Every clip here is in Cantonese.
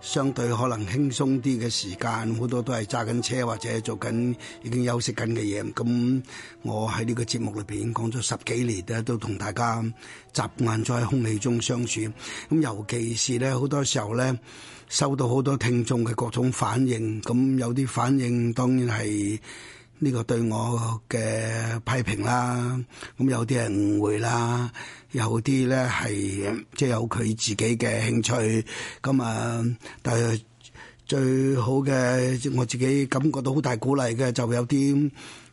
相對可能輕鬆啲嘅時間，好多都係揸緊車或者做緊已經休息緊嘅嘢。咁我喺呢個節目裏邊講咗十幾年咧，都同大家習慣咗喺空氣中相處。咁尤其是咧，好多時候咧收到好多聽眾嘅各種反應。咁有啲反應當然係，呢個對我嘅批評啦，咁有啲人誤會啦，有啲咧係即係有佢自己嘅興趣，咁啊，但係最好嘅我自己感覺到好大鼓勵嘅，就有啲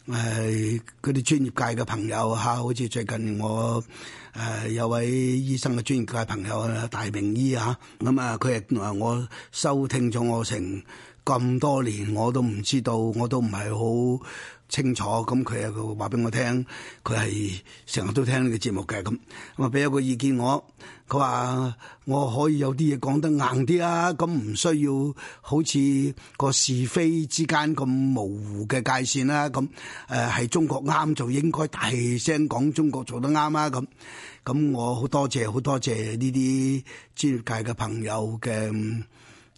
誒嗰啲專業界嘅朋友吓，好似最近我。誒、uh, 有位醫生嘅專業界朋友明啊，大名醫啊，咁啊，佢亦係我收聽咗我成咁多年，我都唔知道，我都唔係好。清楚咁，佢啊話俾我聽，佢係成日都聽呢個節目嘅。咁，咁啊俾一個意見我，佢話我可以有啲嘢講得硬啲啦，咁唔需要好似個是非之間咁模糊嘅界線啦，咁誒係中國啱就應該大聲講中國做得啱啊咁，咁我好多謝好多謝呢啲專業界嘅朋友嘅。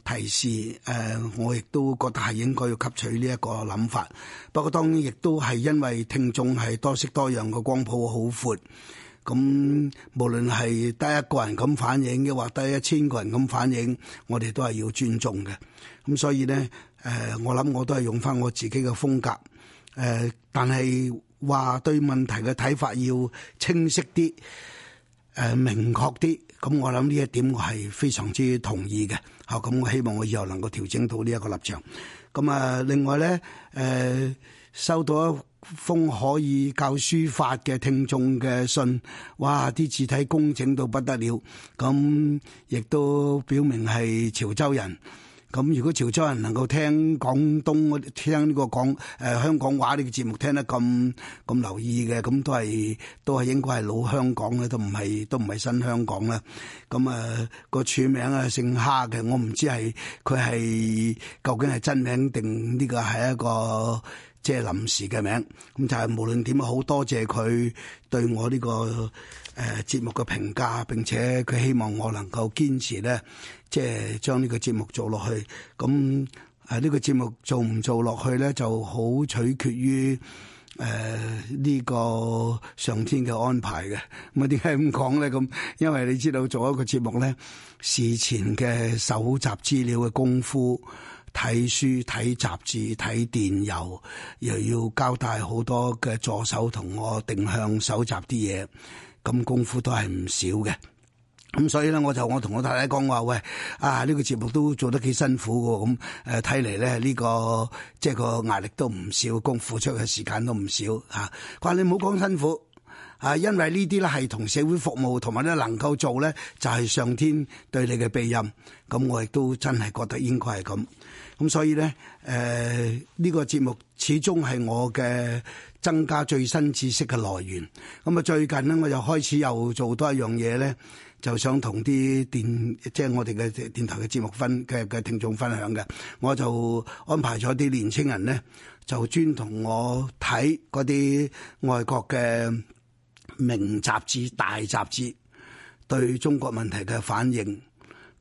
提示誒，我亦都覺得係應該要吸取呢一個諗法。不過當然亦都係因為聽眾係多色多樣嘅光譜好闊，咁無論係得一個人咁反映，或者一千個人咁反映，我哋都係要尊重嘅。咁所以咧誒，我諗我都係用翻我自己嘅風格誒，但係話對問題嘅睇法要清晰啲。誒明確啲，咁我諗呢一點我係非常之同意嘅。嚇、嗯，咁我希望我以後能夠調整到呢一個立場。咁、嗯、啊，另外咧，誒、嗯、收到一封可以教書法嘅聽眾嘅信，哇！啲字體工整到不得了，咁、嗯、亦都表明係潮州人。咁如果潮州人能夠聽廣東聽呢個講誒、呃、香港話呢個節目聽得咁咁留意嘅，咁都係都係應該係老香港咧，都唔係都唔係新香港啦。咁啊、呃那個署名啊姓哈嘅，我唔知係佢係究竟係真名定呢個係一個即係臨時嘅名。咁就係無論點，好多謝佢對我呢個誒節目嘅評價，並且佢希望我能夠堅持咧。即係將呢個節目做落去，咁誒呢個節目做唔做落去咧，就好取決於誒呢個上天嘅安排嘅。咁點解咁講咧？咁因為你知道做一個節目咧，事前嘅搜集資料嘅功夫，睇書、睇雜誌、睇電郵，又要交帶好多嘅助手同我定向搜集啲嘢，咁功夫都係唔少嘅。咁所以咧，我就我同我太太講話，喂，啊呢、這個節目都做得幾辛苦嘅，咁誒睇嚟咧呢、這個即係、這個壓力都唔少，共付出嘅時間都唔少嚇。佢、啊、話你唔好講辛苦啊，因為呢啲咧係同社會服務同埋咧能夠做咧，就係、是、上天對你嘅庇蔭。咁、嗯、我亦都真係覺得應該係咁。咁、嗯、所以咧，誒、呃、呢、這個節目始終係我嘅增加最新知識嘅來源。咁、嗯、啊最近呢，我就開始又做多一樣嘢咧。就想同啲電，即係我哋嘅電台嘅節目分嘅嘅聽眾分享嘅，我就安排咗啲年青人咧，就專同我睇嗰啲外國嘅名雜誌大雜誌對中國問題嘅反應，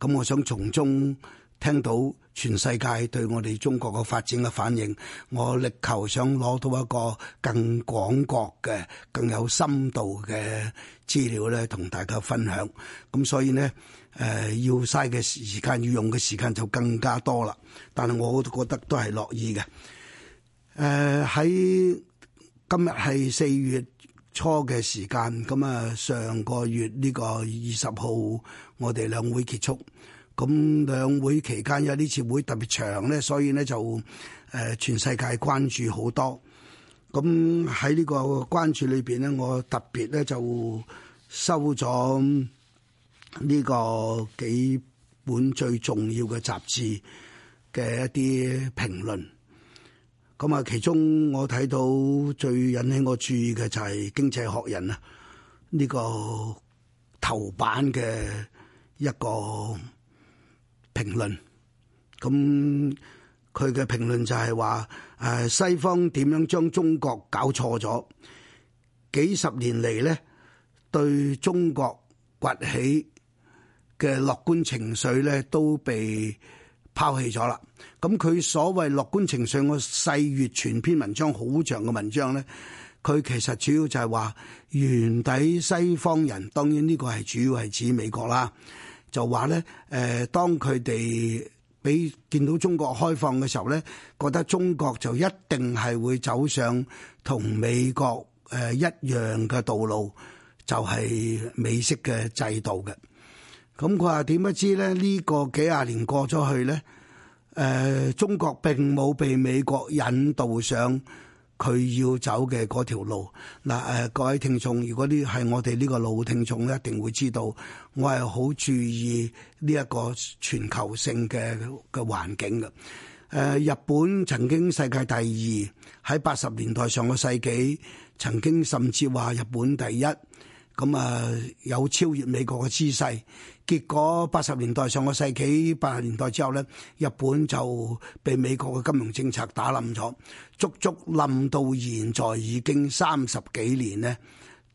咁我想從中。聽到全世界對我哋中國嘅發展嘅反應，我力求想攞到一個更廣角嘅、更有深度嘅資料咧，同大家分享。咁所以呢，誒、呃、要嘥嘅時間要用嘅時間就更加多啦。但係我都覺得都係樂意嘅。誒、呃、喺今日係四月初嘅時間，咁啊，上個月呢個二十號，我哋兩會結束。咁兩會期間，因為呢次會特別長咧，所以咧就誒，全世界關注好多。咁喺呢個關注裏邊咧，我特別咧就收咗呢個幾本最重要嘅雜誌嘅一啲評論。咁啊，其中我睇到最引起我注意嘅就係經濟學人啊，呢個頭版嘅一個。評論。咁，佢嘅評論就係話誒，西方點樣將中國搞錯咗？幾十年嚟咧，對中國崛起嘅樂觀情緒咧，都被拋棄咗啦。咁佢所謂樂觀情緒，我細閱全篇文章，好長嘅文章咧，佢其實主要就係話原底西方人，當然呢個係主要係指美國啦。就話咧，誒，當佢哋俾見到中國開放嘅時候咧，覺得中國就一定係會走上同美國誒一樣嘅道路，就係美式嘅制度嘅。咁佢話點不知咧？呢個幾廿年過咗去咧，誒，中國並冇被美國引導上。佢要走嘅嗰條路嗱，誒、呃、各位聽眾，如果呢係我哋呢個老聽眾咧，一定會知道，我係好注意呢一個全球性嘅嘅環境嘅。誒、呃，日本曾經世界第二，喺八十年代上個世紀曾經甚至話日本第一，咁啊、呃、有超越美國嘅姿勢。結果八十年代上個世紀八十年代之後咧，日本就被美國嘅金融政策打冧咗，足足冧到現在已經三十幾年咧，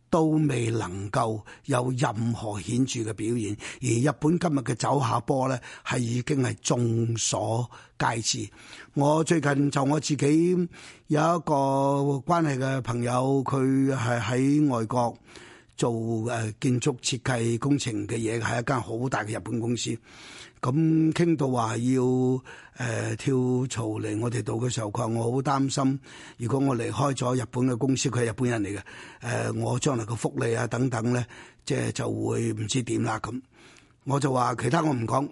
都未能夠有任何顯著嘅表現。而日本今日嘅走下坡咧，係已經係眾所皆知。我最近就我自己有一個關係嘅朋友，佢係喺外國。做誒建築設計工程嘅嘢，係一間好大嘅日本公司。咁傾到話要誒、呃、跳槽嚟我哋度嘅時候，佢話我好擔心，如果我離開咗日本嘅公司，佢係日本人嚟嘅。誒、呃，我將來嘅福利啊等等咧，即係就會唔知點啦咁。我就話其他我唔講，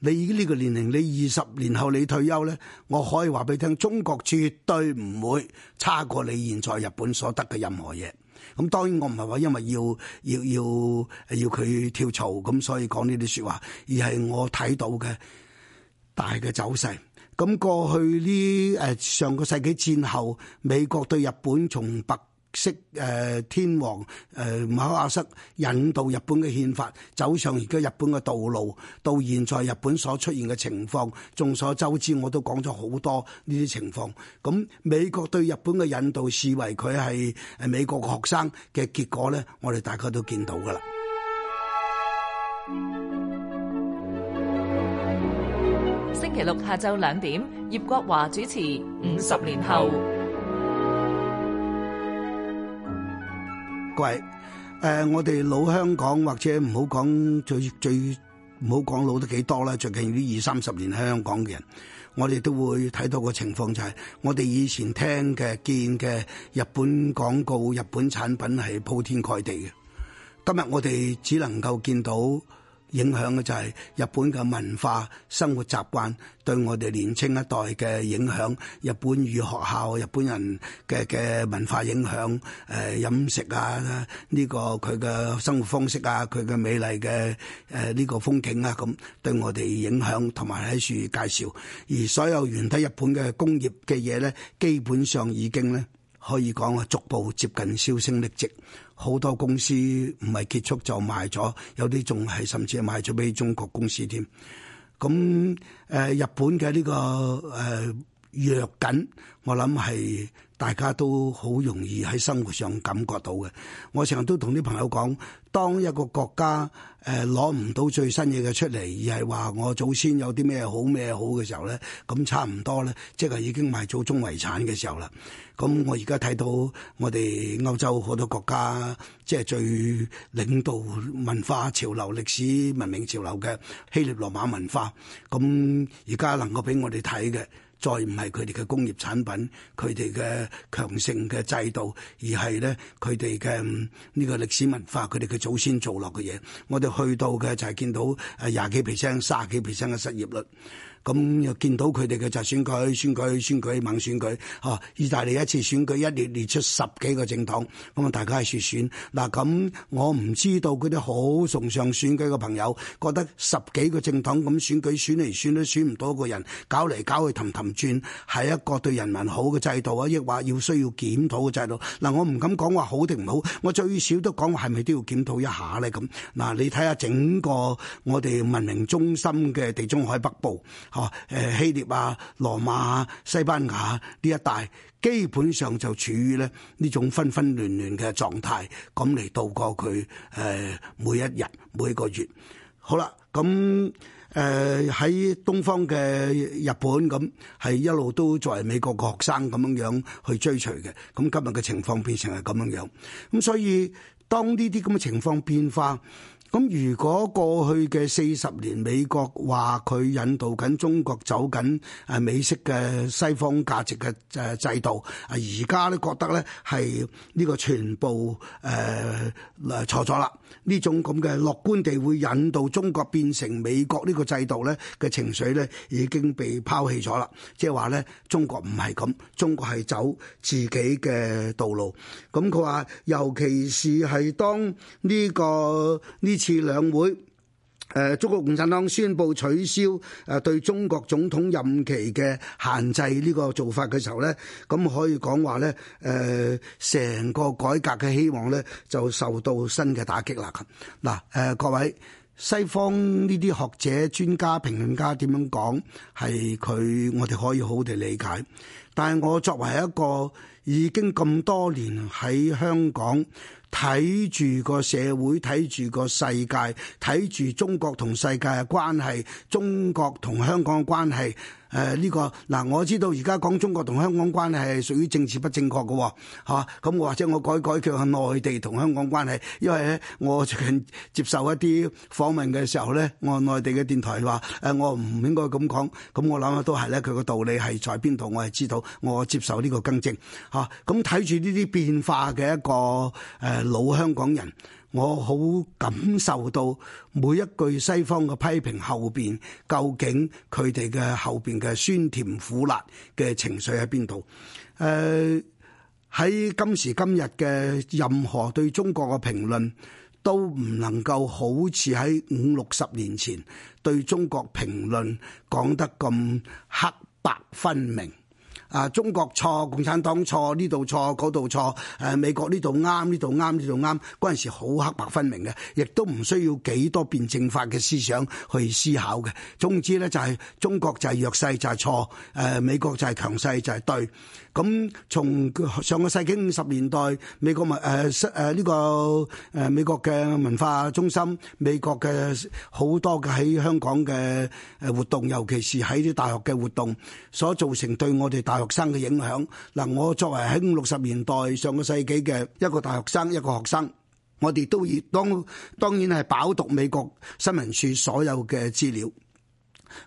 你已經呢個年齡，你二十年後你退休咧，我可以話俾你聽，中國絕對唔會差過你現在日本所得嘅任何嘢。咁當然我唔係話因為要要要要佢跳槽咁，所以講呢啲説話，而係我睇到嘅大嘅走勢。咁過去呢，誒上個世紀戰後，美國對日本從北。識誒天皇誒馬克阿瑟引導日本嘅憲法走上而家日本嘅道路，到現在日本所出現嘅情況，眾所周知，我都講咗好多呢啲情況。咁美國對日本嘅引導，視為佢係誒美國嘅學生嘅結果咧，我哋大家都見到噶啦。星期六下晝兩點，葉國華主持《五十年後》。各位，誒、呃，我哋老香港或者唔好講最最唔好講老得幾多啦，最近呢二三十年喺香港嘅人，我哋都會睇到個情況就係，我哋以前聽嘅、見嘅日本廣告、日本產品係鋪天蓋地嘅，今日我哋只能夠見到。影響嘅就係日本嘅文化、生活習慣對我哋年青一代嘅影響，日本語學校、日本人嘅嘅文化影響，誒、呃、飲食啊，呢、這個佢嘅生活方式啊，佢嘅美麗嘅誒呢個風景啊，咁對我哋影響，同埋喺處介紹。而所有原體日本嘅工業嘅嘢咧，基本上已經咧可以講逐步接近銷聲匿跡。好多公司唔係結束就賣咗，有啲仲係甚至係賣咗俾中國公司添。咁誒、呃，日本嘅呢、這個誒。呃弱緊，我諗係大家都好容易喺生活上感覺到嘅。我成日都同啲朋友講，當一個國家誒攞唔到最新嘢嘅出嚟，而係話我祖先有啲咩好咩好嘅時候咧，咁差唔多咧，即係已經賣祖宗遺產嘅時候啦。咁我而家睇到我哋歐洲好多國家，即係最領導文化潮流、歷史文明潮流嘅希臘羅馬文化，咁而家能夠俾我哋睇嘅。再唔係佢哋嘅工業產品，佢哋嘅強盛嘅制度，而係咧佢哋嘅呢個歷史文化，佢哋嘅祖先做落嘅嘢。我哋去到嘅就係見到誒廿幾 percent、卅幾 percent 嘅失業率。咁又見到佢哋嘅就選舉、選舉、選舉、猛選舉，啊！意大利一次選舉一列列出十幾個政黨，咁啊大家係說選嗱咁，啊、我唔知道嗰啲好崇尚選舉嘅朋友覺得十幾個政黨咁選舉選嚟選都選唔到一個人，搞嚟搞去氹氹轉，係一個對人民好嘅制度啊，抑或要需要檢討嘅制度嗱、啊，我唔敢講話好定唔好，我最少都講係咪都要檢討一下咧咁嗱，你睇下整個我哋文明中心嘅地中海北部。哦，希臘啊、羅馬啊、西班牙呢一帶，基本上就處於咧呢種紛紛亂亂嘅狀態，咁嚟度過佢誒、呃、每一日、每個月。好啦，咁誒喺東方嘅日本咁，係一路都作為美國嘅學生咁樣樣去追隨嘅。咁今日嘅情況變成係咁樣樣，咁所以當呢啲咁嘅情況變化。咁如果過去嘅四十年，美國話佢引導緊中國走緊誒美式嘅西方價值嘅誒制度，啊而家咧覺得咧係呢個全部誒誒錯咗啦。呢種咁嘅樂觀地會引導中國變成美國呢個制度咧嘅情緒咧，已經被拋棄咗啦。即係話咧，中國唔係咁，中國係走自己嘅道路。咁佢話尤其是係當呢個呢。呢次兩會，誒，中國共產黨宣布取消誒對中國總統任期嘅限制呢個做法嘅時候咧，咁可以講話咧，誒、呃，成個改革嘅希望咧就受到新嘅打擊啦。嗱，誒，各位西方呢啲學者、專家、評論家點樣講，係佢我哋可以好地理解，但係我作為一個已經咁多年喺香港。睇住個社會，睇住個世界，睇住中國同世界嘅關係，中國同香港嘅關係。呢、呃呢個嗱，我知道而家講中國同香港關係係屬於政治不正確嘅喎，咁、啊、或者我改改佢叫內地同香港關係，因為咧我最近接受一啲訪問嘅時候咧，我內地嘅電台話誒、呃、我唔應該咁講，咁、嗯、我諗啊都係咧，佢個道理係在邊度，我係知道，我接受呢個更正嚇。咁睇住呢啲變化嘅一個誒。呃老香港人，我好感受到每一句西方嘅批評後邊究竟佢哋嘅後邊嘅酸甜苦辣嘅情緒喺邊度？誒、呃，喺今時今日嘅任何對中國嘅評論都唔能夠好似喺五六十年前對中國評論講得咁黑白分明。啊！中國錯，共產黨錯，呢度錯，嗰度錯。誒，美國呢度啱，呢度啱，呢度啱。嗰陣時好黑白分明嘅，亦都唔需要幾多辯證法嘅思想去思考嘅。總之咧，就係中國就係弱勢就係錯，誒，美國就係強勢就係對。咁從上個世紀五十年代，美國文誒誒呢個誒美國嘅文化中心，美國嘅好多嘅喺香港嘅誒活動，尤其是喺啲大學嘅活動，所造成對我哋大大學生嘅影響嗱，我作為喺五六十年代上個世紀嘅一個大學生，一個學生，我哋都已當當然係飽讀美國新聞處所有嘅資料。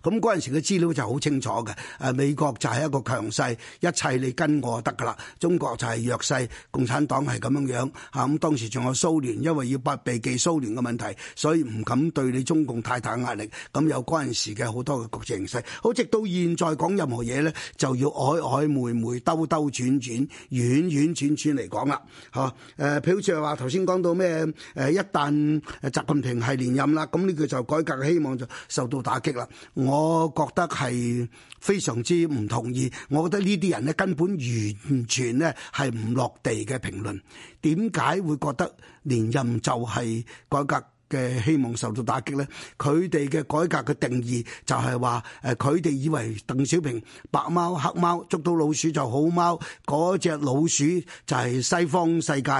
咁嗰陣時嘅資料就好清楚嘅，誒，美國就係一個強勢，一切你跟我就得噶啦。中國就係弱勢，共產黨係咁樣樣吓。咁、啊、當時仲有蘇聯，因為要避避忌蘇聯嘅問題，所以唔敢對你中共太大壓力。咁有嗰陣時嘅好多嘅局勢形勢，好直到現在講任何嘢咧，就要曖曖昧昧、兜兜轉轉、遠遠轉轉嚟講啦。吓，誒，譬如好似話頭先講到咩，誒，一旦誒習近平係連任啦，咁呢個就改革嘅希望就受到打擊啦。我覺得係非常之唔同意，我覺得呢啲人咧根本完全咧係唔落地嘅評論，點解會覺得連任就係改革？嘅希望受到打擊咧，佢哋嘅改革嘅定義就係話，誒佢哋以為鄧小平白貓黑貓捉到老鼠就好貓，嗰隻老鼠就係西方世界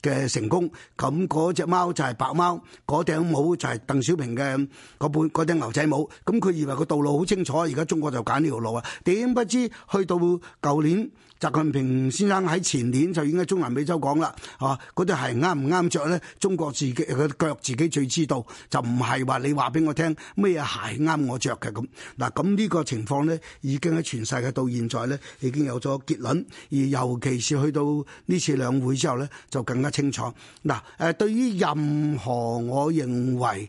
嘅成功，咁嗰隻貓就係白貓，嗰頂帽就係鄧小平嘅嗰半嗰頂牛仔帽，咁佢以為個道路好清楚，而家中國就揀呢條路啊，點不知去到舊年。習近平先生喺前年就已經喺中南美洲講啦，嚇嗰對鞋啱唔啱着咧？中國自己嘅腳自己最知道，就唔係話你話俾我聽咩鞋啱我着嘅咁。嗱，咁、啊、呢個情況咧，已經喺全世界到現在咧已經有咗結論，而尤其是去到呢次兩會之後咧，就更加清楚。嗱、啊，誒對於任何我認為誒、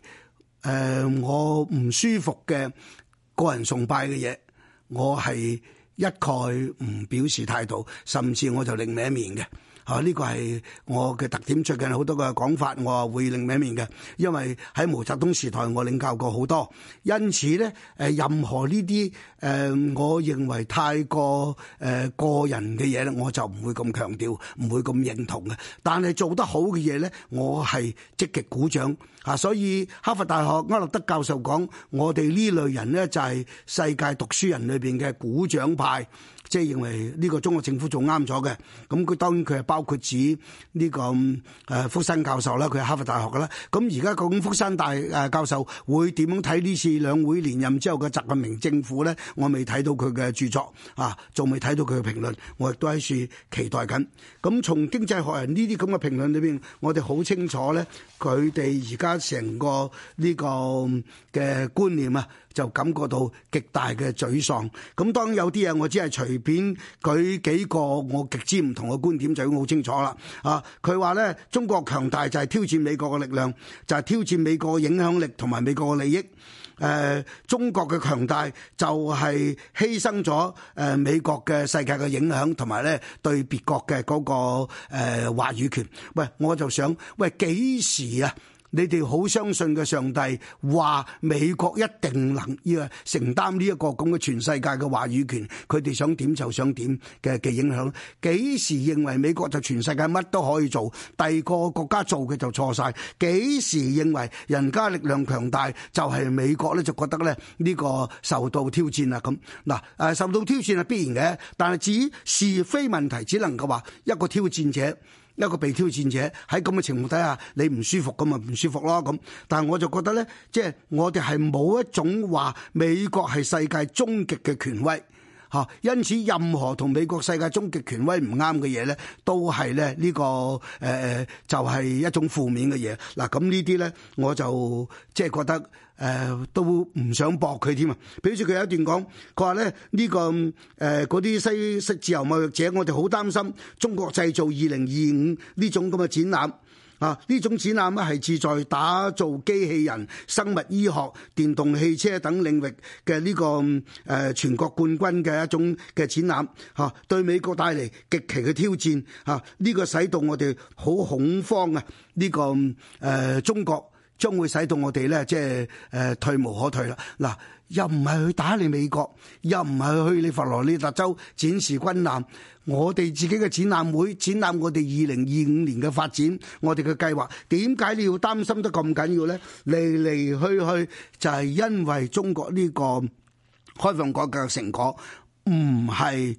呃、我唔舒服嘅個人崇拜嘅嘢，我係。一概唔表示態度，甚至我就另一面嘅。啊！呢、這個係我嘅特點，最近好多個講法，我會另眼面嘅。因為喺毛澤東時代，我領教過好多，因此咧，誒任何呢啲誒，我認為太過誒、呃、個人嘅嘢咧，我就唔會咁強調，唔會咁認同嘅。但係做得好嘅嘢咧，我係積極鼓掌。啊，所以哈佛大學歐立德教授講，我哋呢類人咧就係、是、世界讀書人裏邊嘅鼓掌派。即係認為呢個中國政府做啱咗嘅，咁佢當然佢係包括指呢個誒福山教授啦，佢係哈佛大學㗎啦。咁而家究竟福山大誒教授會點樣睇呢次兩會連任之後嘅習近平政府咧？我未睇到佢嘅著作啊，仲未睇到佢嘅評論，我亦都喺處期待緊。咁從經濟學人呢啲咁嘅評論裏邊，我哋好清楚咧，佢哋而家成個呢個嘅觀念啊。就感覺到極大嘅沮喪。咁當有啲嘢我只係隨便舉幾個我極之唔同嘅觀點，就已經好清楚啦。啊，佢話咧中國強大就係挑戰美國嘅力量，就係、是、挑戰美國嘅影響力同埋美國嘅利益。誒、呃，中國嘅強大就係犧牲咗誒美國嘅世界嘅影響同埋咧對別國嘅嗰、那個誒、呃、話語權。喂，我就想，喂幾時啊？你哋好相信嘅上帝話美國一定能要承擔呢一個咁嘅全世界嘅話語權，佢哋想點就想點嘅嘅影響。幾時認為美國就全世界乜都可以做？第二個國家做嘅就錯晒。幾時認為人家力量強大就係美國咧？就覺得咧呢個受到挑戰啊。咁嗱，誒，受到挑戰係必然嘅，但係至於是非問題，只能夠話一個挑戰者。一個被挑戰者喺咁嘅情況底下，你唔舒服咁咪唔舒服囉咁。但係我就覺得咧，即、就、係、是、我哋係冇一種話美國係世界終極嘅權威嚇，因此任何同美國世界終極權威唔啱嘅嘢咧，都係咧呢個誒、呃、就係、是、一種負面嘅嘢嗱。咁呢啲咧，我就即係覺得。誒都唔想駁佢添啊！比如佢有一段講，佢話咧呢個誒嗰啲西式自由貿易者，我哋好擔心中國製造二零二五呢種咁嘅展覽啊！呢種展覽咧係志在打造機器人、生物醫學、電動汽車等領域嘅呢個誒全國冠軍嘅一種嘅展覽嚇，對美國帶嚟極其嘅挑戰嚇，呢、呢個使到我哋好恐慌啊！呢個誒中國。將會使到我哋咧，即係誒退無可退啦！嗱，又唔係去打理美國，又唔係去去你佛羅里達州展示軍艦，我哋自己嘅展覽會，展覽我哋二零二五年嘅發展，我哋嘅計劃，點解你要擔心得咁緊要咧？嚟嚟去去就係因為中國呢個開放改革嘅成果，唔係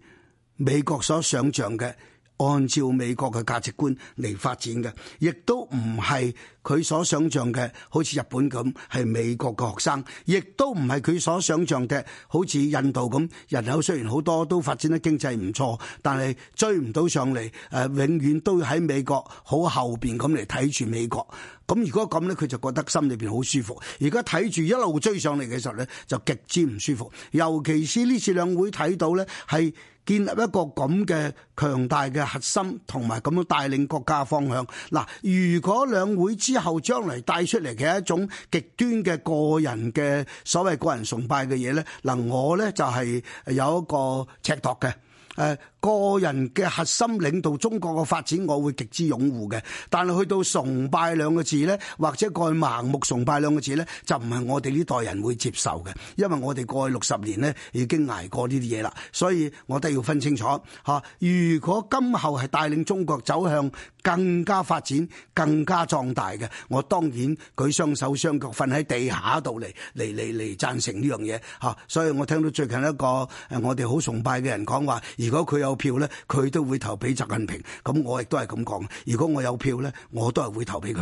美國所想像嘅，按照美國嘅價值觀嚟發展嘅，亦都唔係。佢所想象嘅好似日本咁，係美國嘅學生，亦都唔係佢所想象嘅好似印度咁。人口雖然好多，都發展得經濟唔錯，但係追唔到上嚟，誒永遠都喺美國好後邊咁嚟睇住美國，咁如果咁咧，佢就覺得心裏邊好舒服。而家睇住一路追上嚟嘅時候咧，就極之唔舒服。尤其是，呢次兩會睇到咧，係建立一個咁嘅強大嘅核心，同埋咁樣帶領國家方向。嗱，如果兩會之後，後將嚟帶出嚟嘅一種極端嘅個人嘅所謂個人崇拜嘅嘢咧，嗱我咧就係有一個尺度嘅，誒、呃。個人嘅核心領導中國嘅發展，我會極之擁護嘅。但係去到崇拜兩個字咧，或者過去盲目崇拜兩個字咧，就唔係我哋呢代人會接受嘅。因為我哋過去六十年咧已經捱過呢啲嘢啦，所以我都要分清楚吓。如果今後係帶領中國走向更加發展、更加壯大嘅，我當然舉雙手雙腳瞓喺地下度嚟嚟嚟嚟贊成呢樣嘢吓。所以我聽到最近一個誒，我哋好崇拜嘅人講話，如果佢有。有票咧，佢都會投俾習近平。咁我亦都係咁講。如果我有票咧，我都係會投俾佢。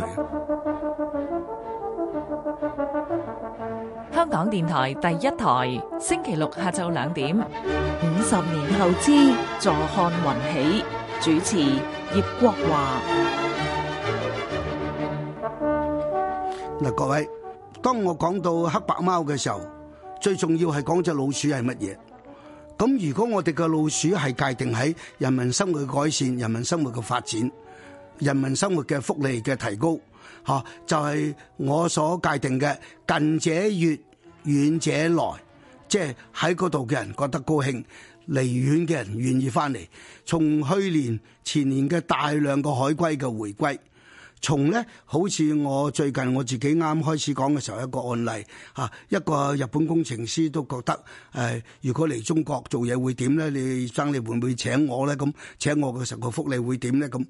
香港電台第一台，星期六下晝兩點，五十年後，坐看雲起，主持葉國華。嗱，各位，當我講到黑白貓嘅時候，最重要係講隻老鼠係乜嘢？咁如果我哋嘅老鼠係界定喺人民生活改善、人民生活嘅發展、人民生活嘅福利嘅提高，嚇就係、是、我所界定嘅近者悅、遠者來，即係喺嗰度嘅人覺得高興，離遠嘅人願意翻嚟，從去年前年嘅大量個海歸嘅回歸。從咧，好似我最近我自己啱開始講嘅時候，一個案例嚇，一個日本工程師都覺得誒、呃，如果嚟中國做嘢會點咧？你生，你會唔會請我咧？咁請我嘅時候個福利會點咧？咁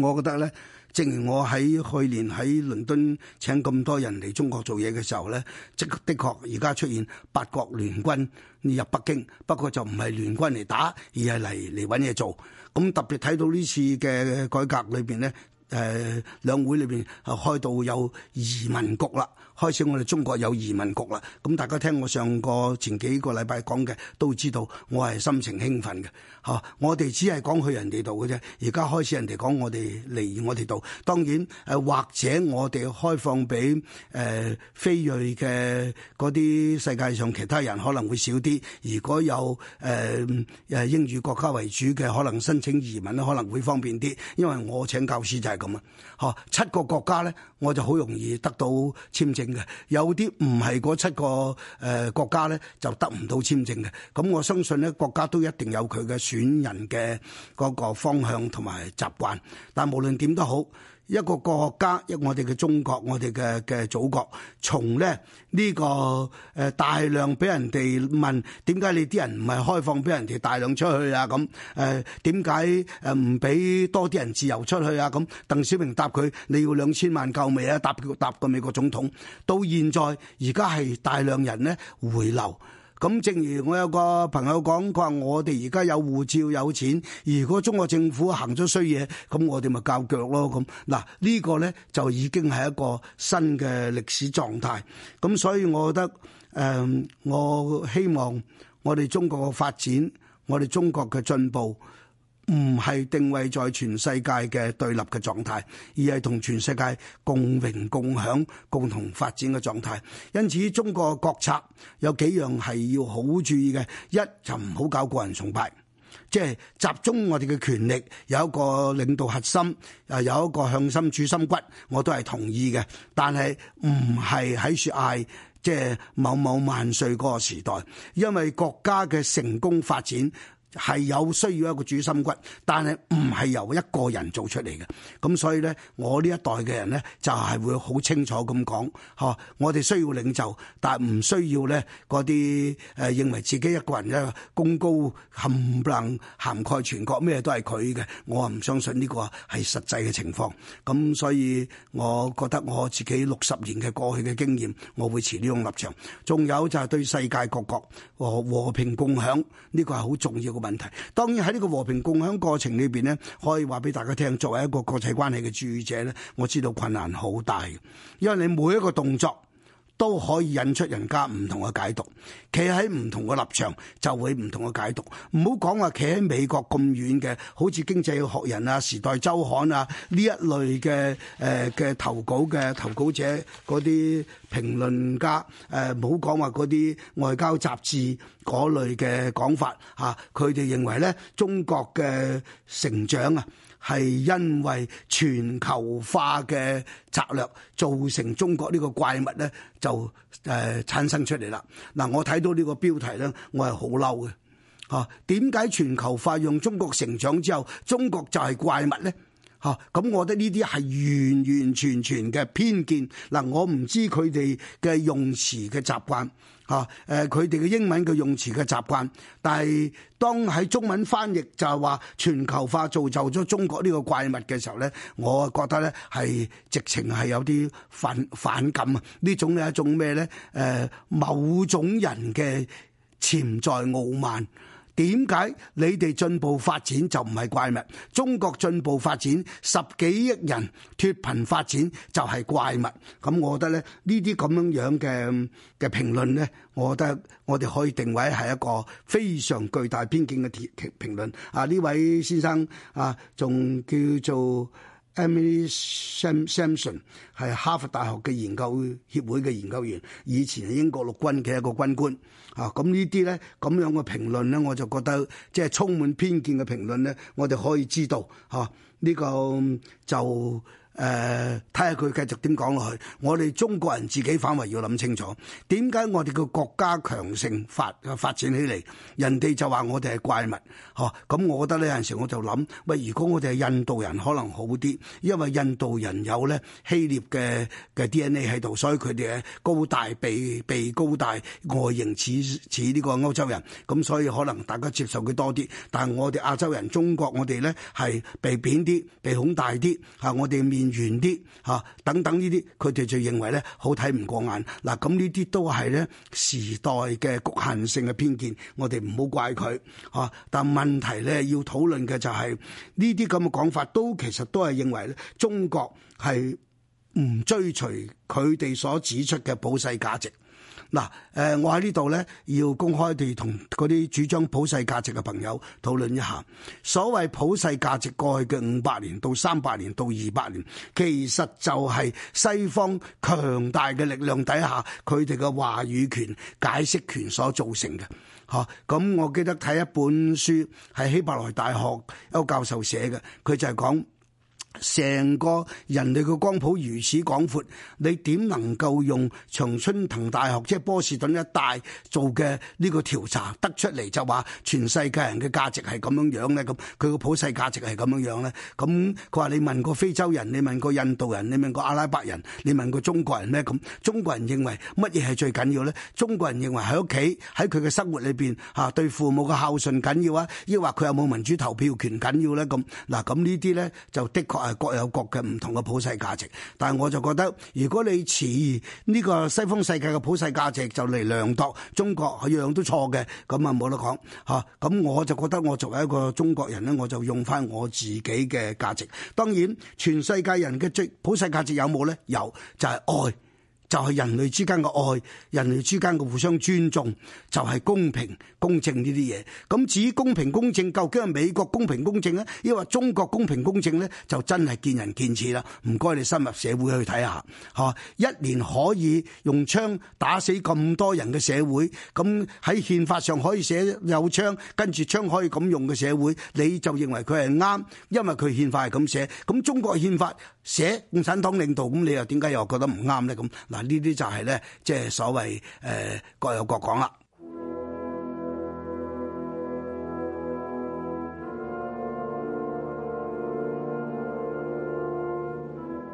我覺得咧，正如我喺去年喺倫敦請咁多人嚟中國做嘢嘅時候咧，即的確而家出現八國聯軍入北京，不過就唔係聯軍嚟打，而係嚟嚟搵嘢做。咁特別睇到呢次嘅改革裏邊咧。誒兩會裏邊啊開到有移民局啦。開始我哋中國有移民局啦，咁大家聽我上個前幾個禮拜講嘅都知道，我係心情興奮嘅。嚇，我哋只係講去人哋度嘅啫，而家開始人哋講我哋嚟我哋度。當然誒，或者我哋開放俾誒菲裔嘅嗰啲世界上其他人可能會少啲。如果有誒誒、呃、英語國家為主嘅，可能申請移民咧可能會方便啲。因為我請教師就係咁啊。嚇，七個國家咧，我就好容易得到簽證。有啲唔係嗰七個誒國家咧，就得唔到簽證嘅。咁我相信咧，國家都一定有佢嘅選人嘅嗰個方向同埋習慣，但無論點都好。一個國家，一我哋嘅中國，我哋嘅嘅祖國，從咧呢個誒大量俾人哋問，點解你啲人唔係開放俾人哋大量出去啊？咁誒點解誒唔俾多啲人自由出去啊咁？鄧小平答佢，你要兩千萬夠未啊？答答個美國總統，到現在而家係大量人咧回流。咁正如我有個朋友講，佢話我哋而家有護照有錢，如果中國政府行咗衰嘢，咁我哋咪較腳咯。咁嗱，這個、呢個咧就已經係一個新嘅歷史狀態。咁所以，我覺得誒，我希望我哋中國嘅發展，我哋中國嘅進步。唔係定位在全世界嘅對立嘅狀態，而係同全世界共榮共享、共同發展嘅狀態。因此，中國國策有幾樣係要好注意嘅，一就唔好搞個人崇拜，即係集中我哋嘅權力，有一個領導核心，啊有一個向心、主心骨，我都係同意嘅。但係唔係喺説嗌，即係某某萬歲嗰個時代，因為國家嘅成功發展。係有需要一個主心骨，但係唔係由一個人做出嚟嘅。咁所以咧，我呢一代嘅人咧，就係會好清楚咁講，吓。我哋需要領袖，但係唔需要咧嗰啲誒認為自己一個人咧功高冚唪唥涵蓋全國，咩都係佢嘅。我唔相信呢個係實際嘅情況。咁所以，我覺得我自己六十年嘅過去嘅經驗，我會持呢種立場。仲有就係對世界各國和和平共享呢個係好重要。問題，當然喺呢個和平共享過程裏邊咧，可以話俾大家聽，作為一個國際關係嘅注意者咧，我知道困難好大，因為你每一個動作。都可以引出人家唔同嘅解讀。企喺唔同嘅立場，就會唔同嘅解讀。唔好講話企喺美國咁遠嘅，好似經濟學人啊、時代週刊啊呢一類嘅誒嘅投稿嘅投稿者嗰啲評論家，誒、呃，唔好講話嗰啲外交雜誌嗰類嘅講法嚇，佢、啊、哋認為咧，中國嘅成長啊。係因為全球化嘅策略造成中國呢個怪物咧，就誒產生出嚟啦。嗱，我睇到呢個標題咧，我係好嬲嘅。吓，點解全球化讓中國成長之後，中國就係怪物咧？吓，咁我覺得呢啲係完完全全嘅偏見。嗱，我唔知佢哋嘅用詞嘅習慣。嚇！誒，佢哋嘅英文嘅用詞嘅習慣，但係當喺中文翻譯就係話全球化造就咗中國呢個怪物嘅時候咧，我覺得咧係直情係有啲反反感啊！呢種係一種咩咧？誒，某種人嘅潛在傲慢。點解你哋進步發展就唔係怪物？中國進步發展十幾億人脱貧發展就係怪物。咁我覺得咧呢啲咁樣樣嘅嘅評論咧，我覺得我哋可以定位係一個非常巨大偏見嘅評評論。啊，呢位先生啊，仲叫做。Emily Samson 係哈佛大學嘅研究協會嘅研究員，以前係英國陸軍嘅一個軍官啊。咁呢啲咧咁樣嘅評論咧，我就覺得即係、就是、充滿偏見嘅評論咧，我哋可以知道吓呢、啊呢個就。誒，睇下佢繼續點講落去。我哋中國人自己反為要諗清楚，點解我哋個國家強盛發發展起嚟，人哋就話我哋係怪物。嚇、哦，咁我覺得呢，有陣時我就諗，喂，如果我哋係印度人可能好啲，因為印度人有咧希臘嘅嘅 D N A 喺度，所以佢哋咧高大、鼻鼻高大、外形似似呢個歐洲人，咁所以可能大家接受佢多啲。但係我哋亞洲人、中國我哋咧係鼻扁啲、鼻孔大啲，係我哋面變啲吓等等呢啲，佢哋就認為咧好睇唔過眼嗱，咁呢啲都係咧時代嘅局限性嘅偏見，我哋唔好怪佢吓，但問題咧要討論嘅就係呢啲咁嘅講法，都其實都係認為咧中國係唔追隨佢哋所指出嘅保世價值。嗱，誒，我喺呢度咧，要公開地同嗰啲主張普世價值嘅朋友討論一下。所謂普世價值，過去嘅五百年到三百年到二百年，其實就係西方強大嘅力量底下佢哋嘅話語權、解釋權所造成嘅。吓，咁我記得睇一本書，係希伯來大學一個教授寫嘅，佢就係講。成個人類嘅光譜如此廣闊，你點能夠用長春藤大學即係、就是、波士頓一帶做嘅呢個調查得出嚟就話全世界人嘅價值係咁樣樣咧？咁佢個普世價值係咁樣樣咧？咁佢話你問過非洲人，你問過印度人，你問過阿拉伯人，你問過中國人咩？咁中國人認為乜嘢係最緊要咧？中國人認為喺屋企喺佢嘅生活裏邊嚇對父母嘅孝順緊要啊，抑或佢有冇民主投票權緊要咧？咁嗱，咁呢啲咧就的確。誒，各有各嘅唔同嘅普世價值，但係我就覺得，如果你持呢個西方世界嘅普世價值就嚟量度中國，佢樣樣都錯嘅，咁啊冇得講嚇。咁我就覺得我作為一個中國人咧，我就用翻我自己嘅價值。當然，全世界人嘅最普世價值有冇咧？有，就係愛。就係人類之間嘅愛，人類之間嘅互相尊重，就係公平、公正呢啲嘢。咁至於公平、公正究竟係美國公平、公正呢，抑或中國公平、公正呢，就真係見仁見智啦。唔該，你深入社會去睇下，嚇一年可以用槍打死咁多人嘅社會，咁喺憲法上可以寫有槍，跟住槍可以咁用嘅社會，你就認為佢係啱，因為佢憲法係咁寫。咁中國憲法？寫共產黨領導，咁你又點解又覺得唔啱咧？咁嗱，呢啲就係咧，即係所謂誒各有各講啦。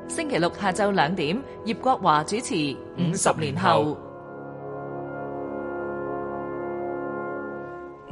星期六下晝兩點，葉國華主持《五十年後》。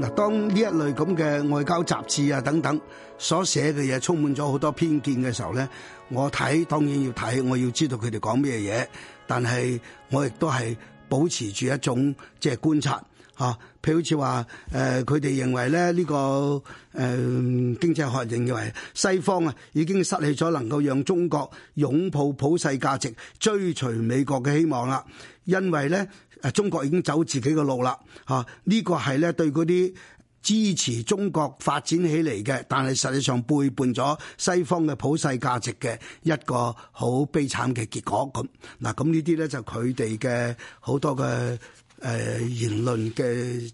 嗱，當呢一類咁嘅外交雜誌啊，等等所寫嘅嘢，充滿咗好多偏見嘅時候咧，我睇當然要睇，我要知道佢哋講咩嘢，但係我亦都係保持住一種即係、就是、觀察嚇。譬、啊、如好似話誒，佢、呃、哋認為咧呢、這個誒、呃、經濟學人認為西方啊已經失去咗能夠讓中國擁抱普世價值、追隨美國嘅希望啦，因為咧。誒中國已經走自己嘅路啦，嚇，呢個係咧對嗰啲支持中國發展起嚟嘅，但係實際上背叛咗西方嘅普世價值嘅一個好悲慘嘅結果咁。嗱、啊，咁呢啲咧就佢哋嘅好多嘅誒、呃、言論嘅。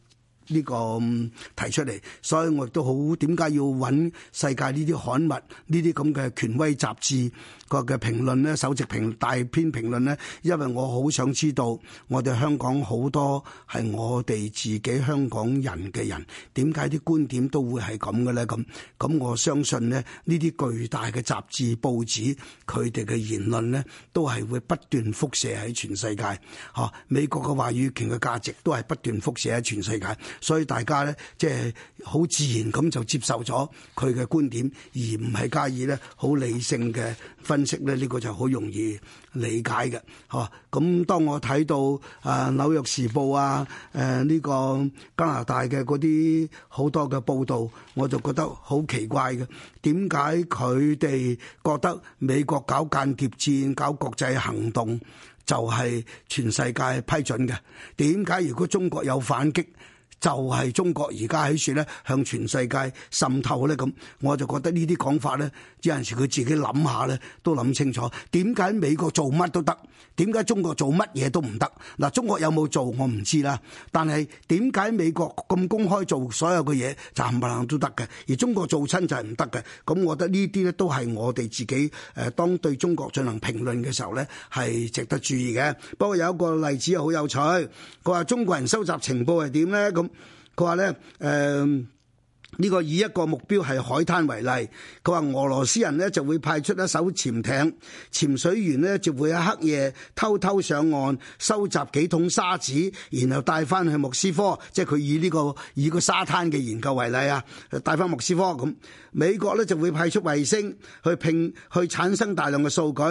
呢個提出嚟，所以我亦都好點解要揾世界呢啲刊物、呢啲咁嘅權威雜誌個嘅評論咧、首席評大篇評論咧？因為我好想知道，我哋香港好多係我哋自己香港人嘅人，點解啲觀點都會係咁嘅咧？咁咁，我相信咧，呢啲巨大嘅雜誌報紙佢哋嘅言論咧，都係會不斷輻射喺全世界。嚇、啊，美國嘅話語權嘅價值都係不斷輻射喺全世界。啊，所以大家咧，即係好自然咁就接受咗佢嘅觀點，而唔係加以咧好理性嘅分析咧，呢、這個就好容易理解嘅。吓，咁當我睇到啊紐約時報啊，誒、這、呢個加拿大嘅嗰啲好多嘅報道，我就覺得好奇怪嘅。點解佢哋覺得美國搞間諜戰搞國際行動就係全世界批准嘅？點解如果中國有反擊？就係中國而家喺處咧，向全世界滲透咧，咁我就覺得呢啲講法咧，有陣時佢自己諗下咧，都諗清楚點解美國做乜都得，點解中國做乜嘢都唔得？嗱，中國有冇做我唔知啦，但係點解美國咁公開做所有嘅嘢就冚唪唥都得嘅，而中國做親就係唔得嘅。咁我覺得呢啲咧都係我哋自己誒當對中國進行評論嘅時候咧，係值得注意嘅。不過有一個例子好有趣，佢話中國人收集情報係點咧？咁佢話咧誒。呢個以一個目標係海灘為例，佢話俄羅斯人咧就會派出一艘潛艇，潛水員咧就會喺黑夜偷偷上岸收集幾桶沙子，然後帶翻去莫斯科，即係佢以呢個以個沙灘嘅研究為例啊，帶翻莫斯科咁。美國咧就會派出衛星去拼去產生大量嘅數據，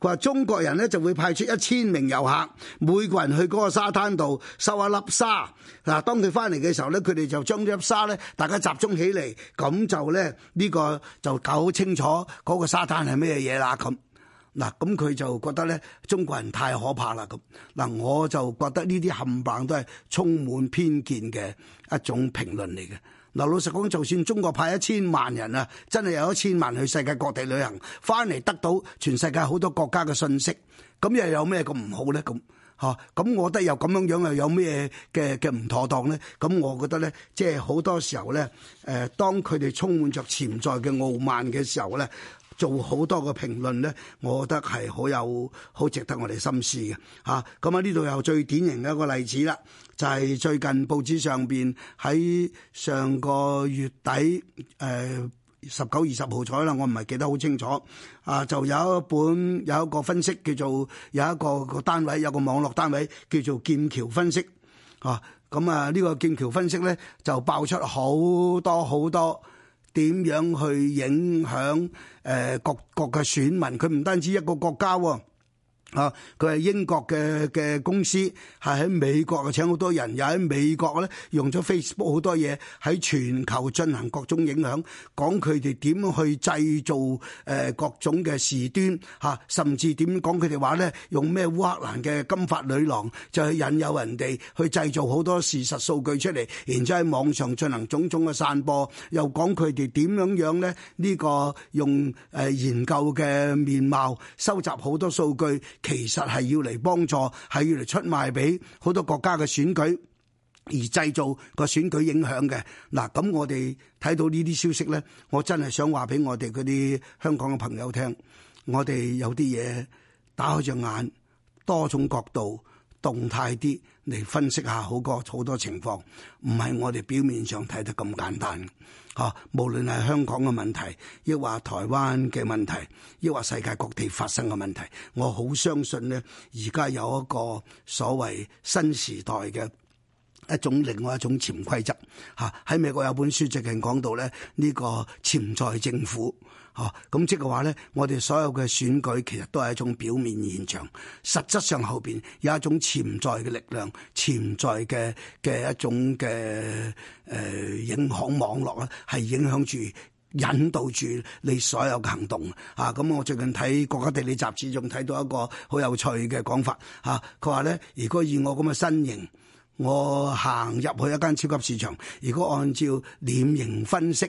佢話中國人咧就會派出一千名遊客，每個人去個沙灘度收一粒沙嗱，當佢翻嚟嘅時候咧，佢哋就將呢粒沙咧，大家集。中起嚟，咁就咧呢個就搞清楚嗰個沙灘係咩嘢啦。咁嗱，咁佢就覺得咧中國人太可怕啦。咁嗱，我就覺得呢啲冚棒都係充滿偏見嘅一種評論嚟嘅。嗱，老老實講，就算中國派一千萬人啊，真係有一千萬去世界各地旅行，翻嚟得到全世界好多國家嘅信息，咁又有咩咁唔好咧？咁？嚇，咁我覺得又咁樣樣又有咩嘅嘅唔妥當咧？咁我覺得咧，即係好多時候咧，誒，當佢哋充滿着潛在嘅傲慢嘅時候咧，做好多個評論咧，我覺得係好有好值得我哋深思嘅嚇。咁啊，呢度又最典型嘅一個例子啦，就係、是、最近報紙上邊喺上個月底誒。呃十九二十號彩啦，我唔係記得好清楚，啊就有一本有一個分析叫做有一個一個單位，有個網絡單位叫做劍橋分析，嚇咁啊呢個劍橋分析咧就爆出好多好多點樣去影響誒各國嘅選民，佢唔單止一個國家喎。啊啊！佢係英國嘅嘅公司，係喺美國啊請好多人，又喺美國咧用咗 Facebook 好多嘢，喺全球進行各種影響，講佢哋點去製造誒各種嘅事端嚇，甚至點講佢哋話咧，用咩烏克蘭嘅金髮女郎就去引誘人哋去製造好多事實數據出嚟，然之後喺網上進行種種嘅散播，又講佢哋點樣樣咧呢個用誒研究嘅面貌收集好多數據。其實係要嚟幫助，係要嚟出賣俾好多國家嘅選舉，而製造個選舉影響嘅。嗱，咁我哋睇到呢啲消息咧，我真係想話俾我哋嗰啲香港嘅朋友聽，我哋有啲嘢打開隻眼，多種角度。動態啲嚟分析下好個，好過好多情況，唔係我哋表面上睇得咁簡單嘅。嚇、啊，無論係香港嘅問題，抑或台灣嘅問題，抑或世界各地發生嘅問題，我好相信呢，而家有一個所謂新時代嘅一種另外一種潛規則。嚇、啊，喺美國有本書最近講到咧，呢、這個潛在政府。哦，咁即係話咧，我哋所有嘅選舉其實都係一種表面現象，實質上後邊有一種潛在嘅力量、潛在嘅嘅一種嘅誒影響網絡啦，係影響住、引導住你所有嘅行動。吓、啊，咁我最近睇《國家地理》雜誌，仲睇到一個好有趣嘅講法。吓、啊，佢話咧，如果以我咁嘅身形，我行入去一間超級市場，如果按照臉型分析。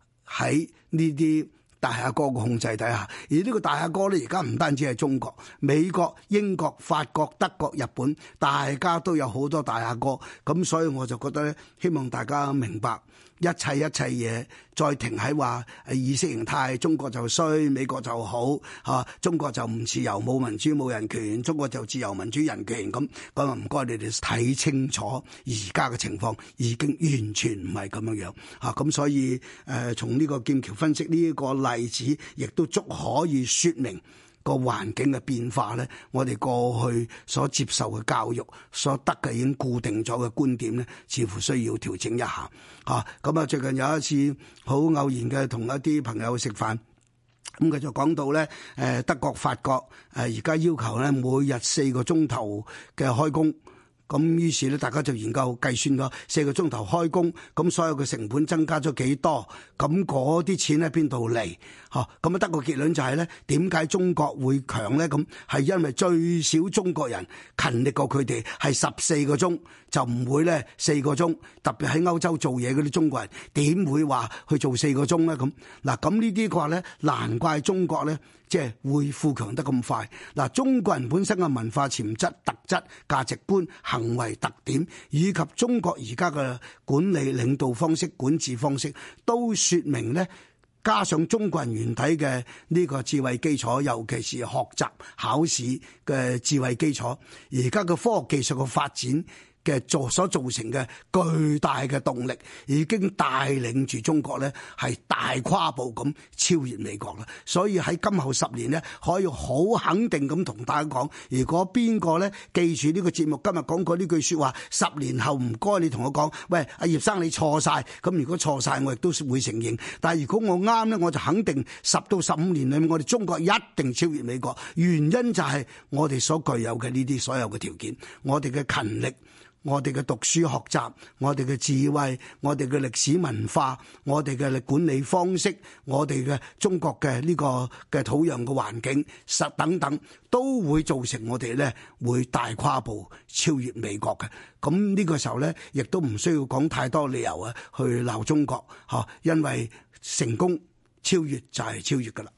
喺呢啲，Hey, 大阿哥嘅控制底下，而呢個大阿哥咧，而家唔單止係中國美國英國法國德國日本，大家都有好多大阿哥，咁所以我就覺得咧，希望大家明白一切一切嘢，再停喺話誒意識形態中國就衰，美國就好嚇，中國就唔自由，冇民主，冇人權中國就自由民主人權咁，咁啊唔該你哋睇清楚，而家嘅情況已經完全唔係咁樣樣嚇，咁所以誒從呢個劍橋分析呢一個例。例子亦都足可以說明個環境嘅變化咧，我哋過去所接受嘅教育所得嘅已經固定咗嘅觀點咧，似乎需要調整一下吓。咁啊，最近有一次好偶然嘅，同一啲朋友去食飯，咁佢就講到咧，誒，德國、法國誒，而家要求咧每日四個鐘頭嘅開工。咁於是咧，大家就研究計算咗四個鐘頭開工，咁所有嘅成本增加咗幾多？咁嗰啲錢喺邊度嚟？嚇，咁啊得個結論就係咧，點解中國會強咧？咁係因為最少中國人勤力過佢哋，係十四個鐘就唔會咧四個鐘。特別喺歐洲做嘢嗰啲中國人，點會話去做四個鐘咧？咁嗱，咁呢啲話咧，難怪中國咧。即係會富強得咁快嗱，中國人本身嘅文化潛質、特質、價值觀、行為特點，以及中國而家嘅管理領導方式、管治方式，都説明咧。加上中國人原體嘅呢個智慧基礎，尤其是學習考試嘅智慧基礎，而家嘅科學技術嘅發展。嘅造所造成嘅巨大嘅動力，已經帶領住中國咧，係大跨步咁超越美國啦。所以喺今後十年咧，可以好肯定咁同大家講，如果邊個咧，記住呢個節目今日講過呢句說話，十年後唔該你同我講，喂，阿、啊、葉生你錯晒。咁如果錯晒我亦都會承認。但係如果我啱咧，我就肯定十到十五年裏面，我哋中國一定超越美國，原因就係我哋所具有嘅呢啲所有嘅條件，我哋嘅勤力。我哋嘅讀書學習，我哋嘅智慧，我哋嘅歷史文化，我哋嘅管理方式，我哋嘅中國嘅呢個嘅土壤嘅環境，實等等，都會造成我哋咧會大跨步超越美國嘅。咁呢個時候咧，亦都唔需要講太多理由啊，去鬧中國，吓，因為成功超越就係超越噶啦。